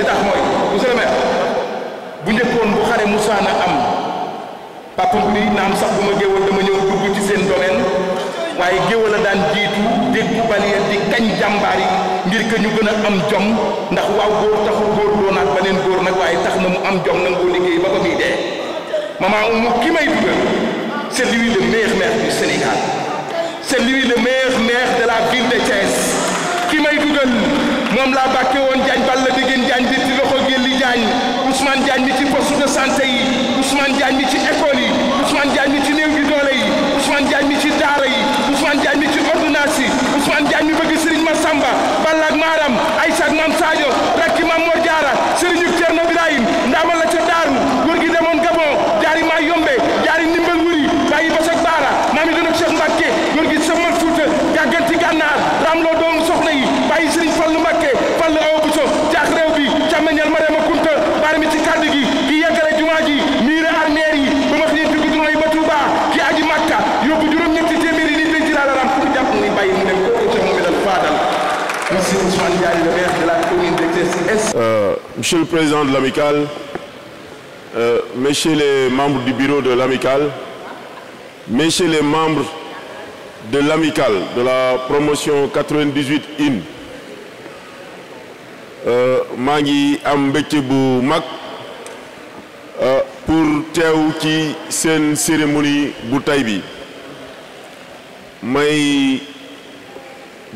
li tax mooy monsieur le maire bu njëkkoon bu xare musaana am papam bi naam sax bu ma géwal dama ñëw dugg ci seen domaine waaye géwal a daan jiitu déggu baliya di kañ jàmbaar yi ngir que ñu gën a am jom ndax waaw góor taxul góor doo naat beneen góor nag waaye tax na mu am jom nag boo liggéey ba ko muy dee maman mu ki may dugal c'est lui le meilleur maire du de la ville de Thiès ki may dugal moom laa bàkke woon Diagne Balla Diguène Diagne bi ci loxo Géli Diagne Ousmane Diagne mi ci poste de santé yi Ousmane mi ci école yi Ousmane Diagne mi ci néew gi doole yi Ousmane Diagne mi ci daara yi Ousmane Diagne mi ci ordonnance yi Ousmane Diagne mi bëgg Serigne Massamba Balla ak Maram Aïssa ak Mame Sadio Monsieur le Président de l'Amicale, euh, messieurs les membres du bureau de l'Amicale, messieurs les membres de l'Amicale, de la promotion 98 IN, euh, maa ngi am mbégte bu mag euh, pour teew ci seen cérémonie bu tay bi may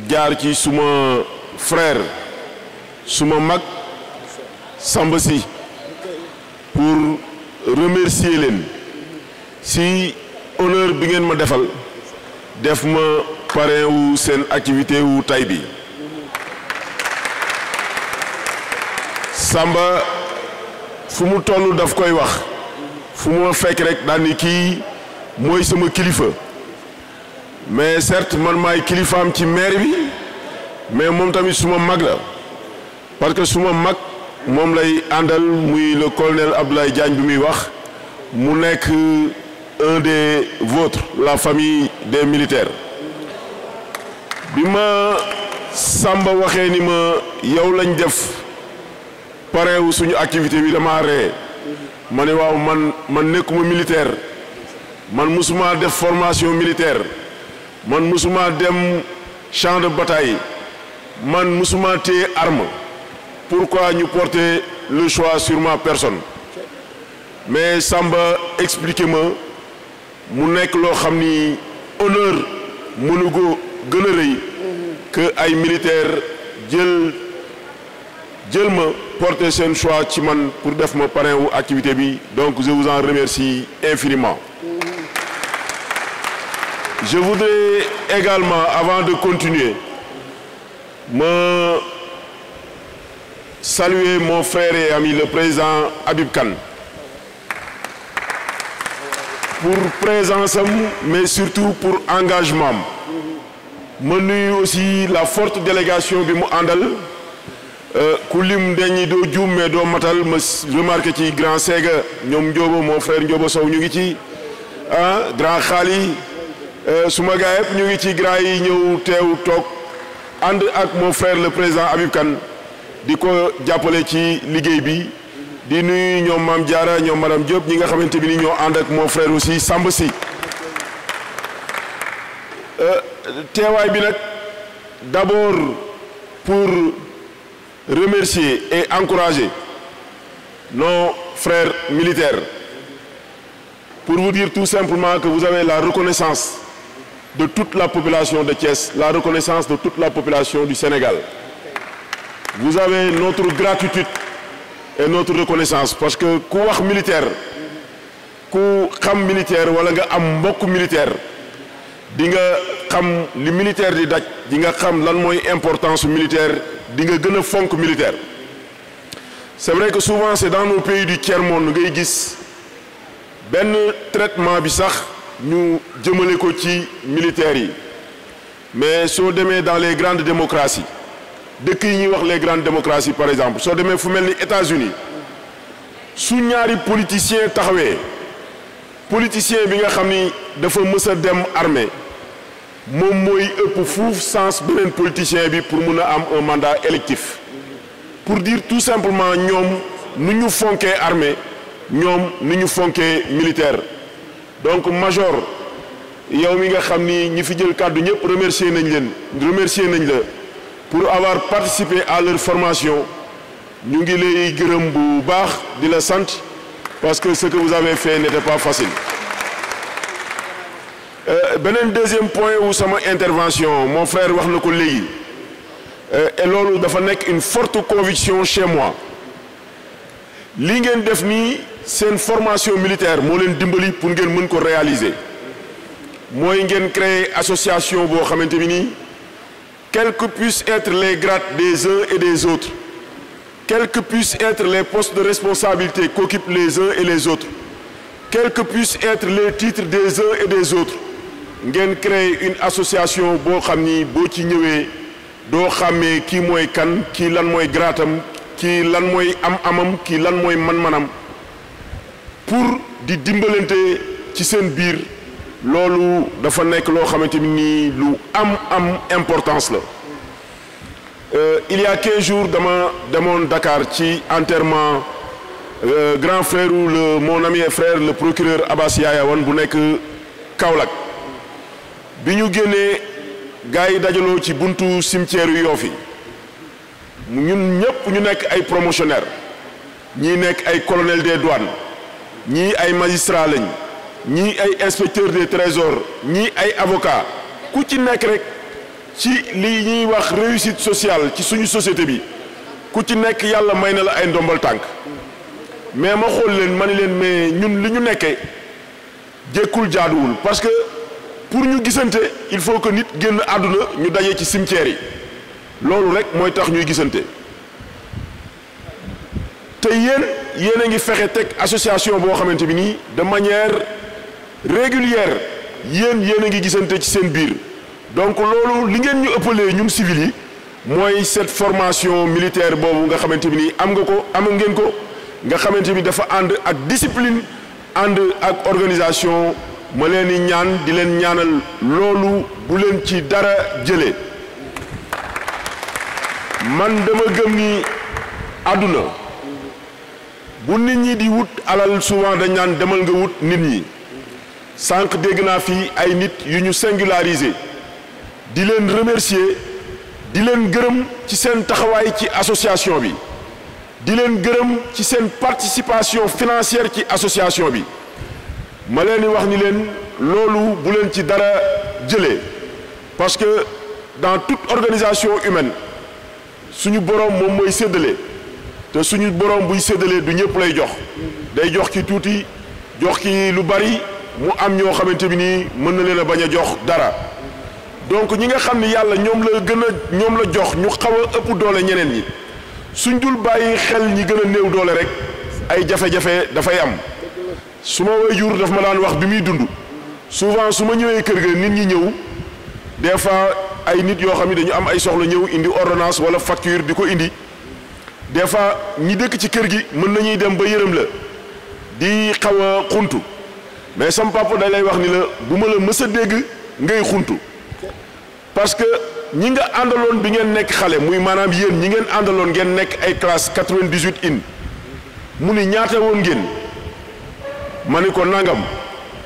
jaar ci suma frère suma mag Samba si pour remercier leen si honneur bi ngeen ma defal def ma parrain wu seen activité wu tay bi sàmba fu mu toll daf koy wax fu ma fekk rek daan ni kii mooy sama kilifa mais certes man maay kilifaam ci maire bi mais moom tamit suma mag la parce que suma mag moom lay àndal muy le colonel Abdoulaye Diagne bi muy wax mu nekk un des vôtres la famille des militaires bi ma Samba waxee ni ma yow lañ def parewu suñu activité bi dama ree ma ne waaw man man nekkuma militaire man musuma def formation militaire man musuma dem champ de man musuma téye arme pourquoi ñu porter le choix sur personne mais Samba expliquer ma mu nekk loo xam ni honneur mënu ko gën a ay militaire jël jël ma porter seen choix ci man pour def ma parrain wu activité bi donc je vous en remercie infiniment je voudrais également avant de continuer me saluer mon frère et ami le président Habib Kane pour présence mais surtout pour engagement am ma nuyu aussi la forte délégation bi mu àndal euh, ku lim dañi doo juum mais doo matal ma remarqué ci grand Séga ñoom Ndiobo mon frère Ndiobo Sow ñu ngi ci ah grand su euh, suma gaa yëpp ñu ngi ci grand yi ñëw teew toog ànd ak mon frère le président Habib Kane di ko jàppale ci liggéey bi di nuyu ñoom maam Diarra ñoom madame Diop ñi nga xamante bi ni ñoo ànd ak moo frère aussi Samb si euh, teewaay bi nag d'abord pour remercier et encourager nos frères militaires pour vous dire tout simplement que vous avez la reconnaissance de toute la population de Thiès, la reconnaissance de toute la population du Sénégal. vous avez notre gratitude et notre reconnaissance parce que ku wax militaire ku xam militaire wala nga am mbokk militaire di nga xam li militaire di daj di nga xam lan mooy importance militaire di nga gën a fonk militaire c'est vrai que souvent c'est dans nos pays du tiers-monde ngay gis benn traitement bi sax ñu jëmale ko ci militaires yi mais soo demee dans les grandes démocraties dëkk yi ñuy wax les grandes démocraties par exemple soo demee fu mel ni États-Unis su ñaari politicien taxawee politicien bi nga xam ni dafa mës a dem armée moom mooy ëpp fuuf sens beneen politicien bi pour mun a am un mandat électif pour diir tout simplement ñoom nu ñu fonkee armée ñoom nu ñu fonkee militaire donc major yow mi nga xam ni ñi fi jël kàddu ñëpp remercier nañ leen remercier nañ la pour avoir participé à leur formation ñu ngi lay gërëm bu baax di la sant parce que ce que vous avez fait n'était pas facile euh, beneen deuxième point wu sama intervention mon frère wax na ko léegi euh, et loolu dafa nekk une forte conviction chez moi li ngeen def nii seen formation militaire moo leen dimbali pour ngeen mën ko réaliser mooy ngeen créer association boo xamante bi nii quels que puissent être les grades des uns et des autres, quels que puissent être les postes de responsabilité qu'occupent les uns et les autres, quels que puissent être les titres des uns et des autres, ngeen créer une association boo xam ni boo ci ñëwee doo xàmmee kii mooy kan kii lan mooy graatam kii lan mooy am amam kii lan mooy man-manam pour di dimbalante ci seen biir loolu dafa nekk loo xamante ni lu am am importance la euh, il y a jours dama demoon Dakar ci enterrement euh, grand frère le mon ami et frère le procureur Abbas Yaya Wane bu nekk Kaolack bi ñu génnee gars yi dajaloo ci buntu cimetière yu Yoff yi ñun ñëpp ñu nekk ay promotionnaire ñii nekk ay colonel des douanes ñii ay magistrat ñii ay inspecteur de trésors ñii ay avocat ku ci nekk rek ci li ñuy wax réussite sociale ci suñu société bi ku ci nekk yàlla may na la ay ndombal tànk mais ma xool leen ma ne leen mais ñun li ñu nekkee jékkul jaaduwul parce que pour ñu gisante il faut que nit génn àdduna ñu daje ci cimetière yi loolu rek mooy tax ñuy gisante te yéen yéen a ngi fexe teg association boo xamante bi nii de manière régulière yéen yéen a ngi gisante ci seen biir donc loolu li ngeen ñu ëppalee ñun civil yi mooy cette formation militaire boobu nga xamante bi nii am nga ko am ngeen ko nga xamante bi dafa ànd ak discipline ànd ak organisation ma leen di ñaan di leen ñaanal loolu bu leen ci dara jëlee man dama gëm ni àdduna bu nit ñi di wut alal souvent dañ ñaan demal nga wut nit ñi sànq dégg naa fii ay nit yu ñu singularisé di leen remercier di leen gërëm ci seen taxawaay ci association bi di leen gërëm ci seen participation financière ci association bi ma leen di wax ni leen loolu bu leen ci dara jëlee parce que dans toute organisation humaine suñu borom moom mooy séddale te suñu borom buy séddale du ñëpp lay jox day jox ki tuuti jox ki lu bari mu am ñoo xamante bi nii mën na leen bañ a jox dara donc ñi nga xam ni yàlla ñoom la gën a ñoom la jox ñu xaw a ëpp doole ñeneen ñi suñ dul bàyyi xel ñi gën a néew doole rek ay jafe-jafe dafay am su ma waajur daf ma daan wax bi muy dund souvent su ma ñëwee kër gi nit ñi ñëw des fois ay nit yoo xam ne dañu am ay soxla ñëw indi ordonnance wala facture di ko indi des fois ñi dëkk ci kër gi mën nañuy dem ba yërëm la di xaw a xuntu mais sam papa da lay wax ni la bu ma la mës a dégg ngay xuntu parce que ñi nga àndaloon bi ngeen nekk xale muy maanaam yéen ñi ngeen àndaloon ngeen nekk ay classe quatre-vingt-dix-huit mu ni ñaata woon ngeen ma ni ko nangam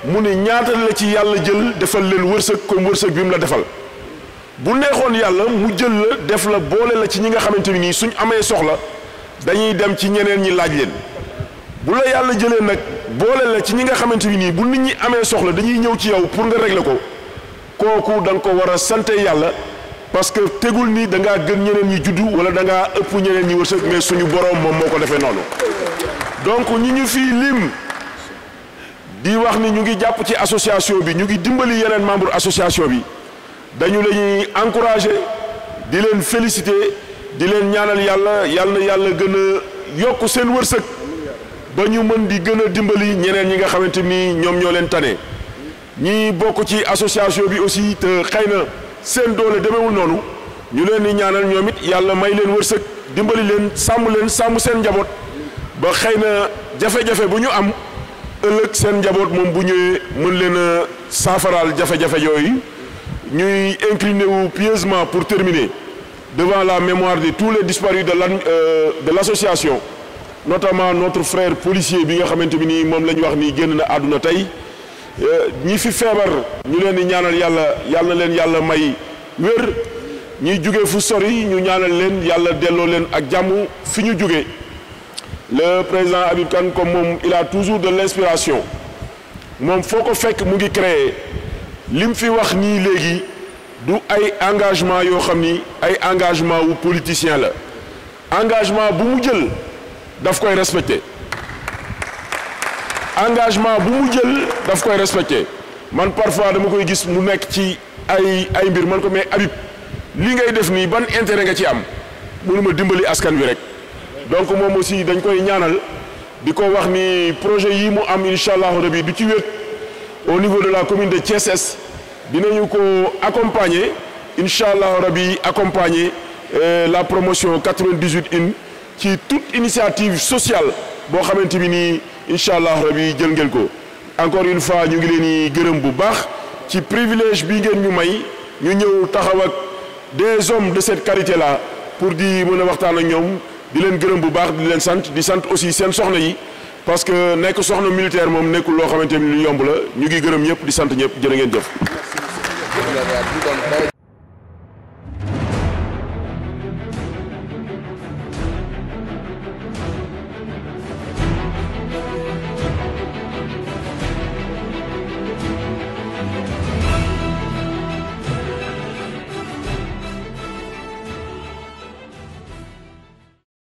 mu ni ñaata la ci yàlla jël defal leen wërsëg comme wërsëg bi mu la defal bu neexoon yàlla mu jël la def la boole la ci ñi nga xamante ni nii suñ amee soxla dañuy dem ci ñeneen ñi laaj leen bu la yàlla jëlee nag boole la ci ñi nga xamante ni nii bu nit ñi amee soxla dañuy ñëw ci yow pour nga régler ko kooku da nga ko war a sante yàlla parce que tegul ni da ngaa gën ñeneen ñi juddu wala da ngaa ëpp ñeneen ñi wërsëg mais suñu borom moom moo ko defee noonu donc ñi ñu fii lim di wax ni ñu ngi jàpp ci association bi ñu ngi dimbali yeneen membre association bi dañu la ñuy encouragé di leen félicité di leen ñaanal yàlla yàlla na yàlla gën a yokk seen wërsëg. ba ñu mën di gën a dimbali ñeneen ñi nga xamante ni ñoom ñoo leen tane ñi bokk ci association bi aussi te xëy na seen doole demewul noonu ñu leen di ñaanal ñoom it yàlla may leen wërsëg dimbali leen sàmm leen sàmm seen njaboot ba xëy na jafe-jafe bu ñu am ëllëg seen njaboot moom bu ñëwee mën leen a saafaraal jafe-jafe yooyu ñuy incliné wu pieusement pour terminer devant la mémoire de tous les disparus de l' euh, de l' association. notamment notre frère policier bi nga xamante bi nii moom la wax nii génn na àdduna tey eh, ñi fi feebar ñu leen di ñaanal yàlla yàlla leen yàlla may wér ñi jóge fu sori ñu ñaanal leen yàlla delloo leen ak jàmm fi ñu jóge le président Habib Kane comme moom il toujours de l'inspiration moom foo ko fekk mu ngi créer li mu fi wax nii léegi du ay engagement yoo xam ni ay engagement wu politicien la engagement bu mu jël daf koy respecté engagement bu mu jël daf koy respecté man parfois dama koy gis mu nekk ci ay ay mbir man ko mais Habib li ngay def nii ban intére nga ci am mënuma dimbali askan wi rek donc moom aussi dañ koy ñaanal di ko wax ni projet yi mu am incha allahu rabi du ci wét au niveau de la commune de Thiès dinañu ko accompagner incha allahu rabi accompagner euh, la promotion 98 une ci toute initiative sociale boo xamante bi nii incha allah rabi jël ngeen ko encore une fois ñu ngi leen di gërëm bu baax ci privilège bi ngeen ñu may ñu ñëw taxaw ak des hommes de cette qualité la pour di mën a waxtaan ak ñoom di leen gërëm bu baax di leen sant di sant aussi seen soxna yi parce que nekk soxna militaire moom nekkul loo xamante ni lu yomb la ñu ngi gërëm ñëpp di sant ñëpp jërë ngeen jëf.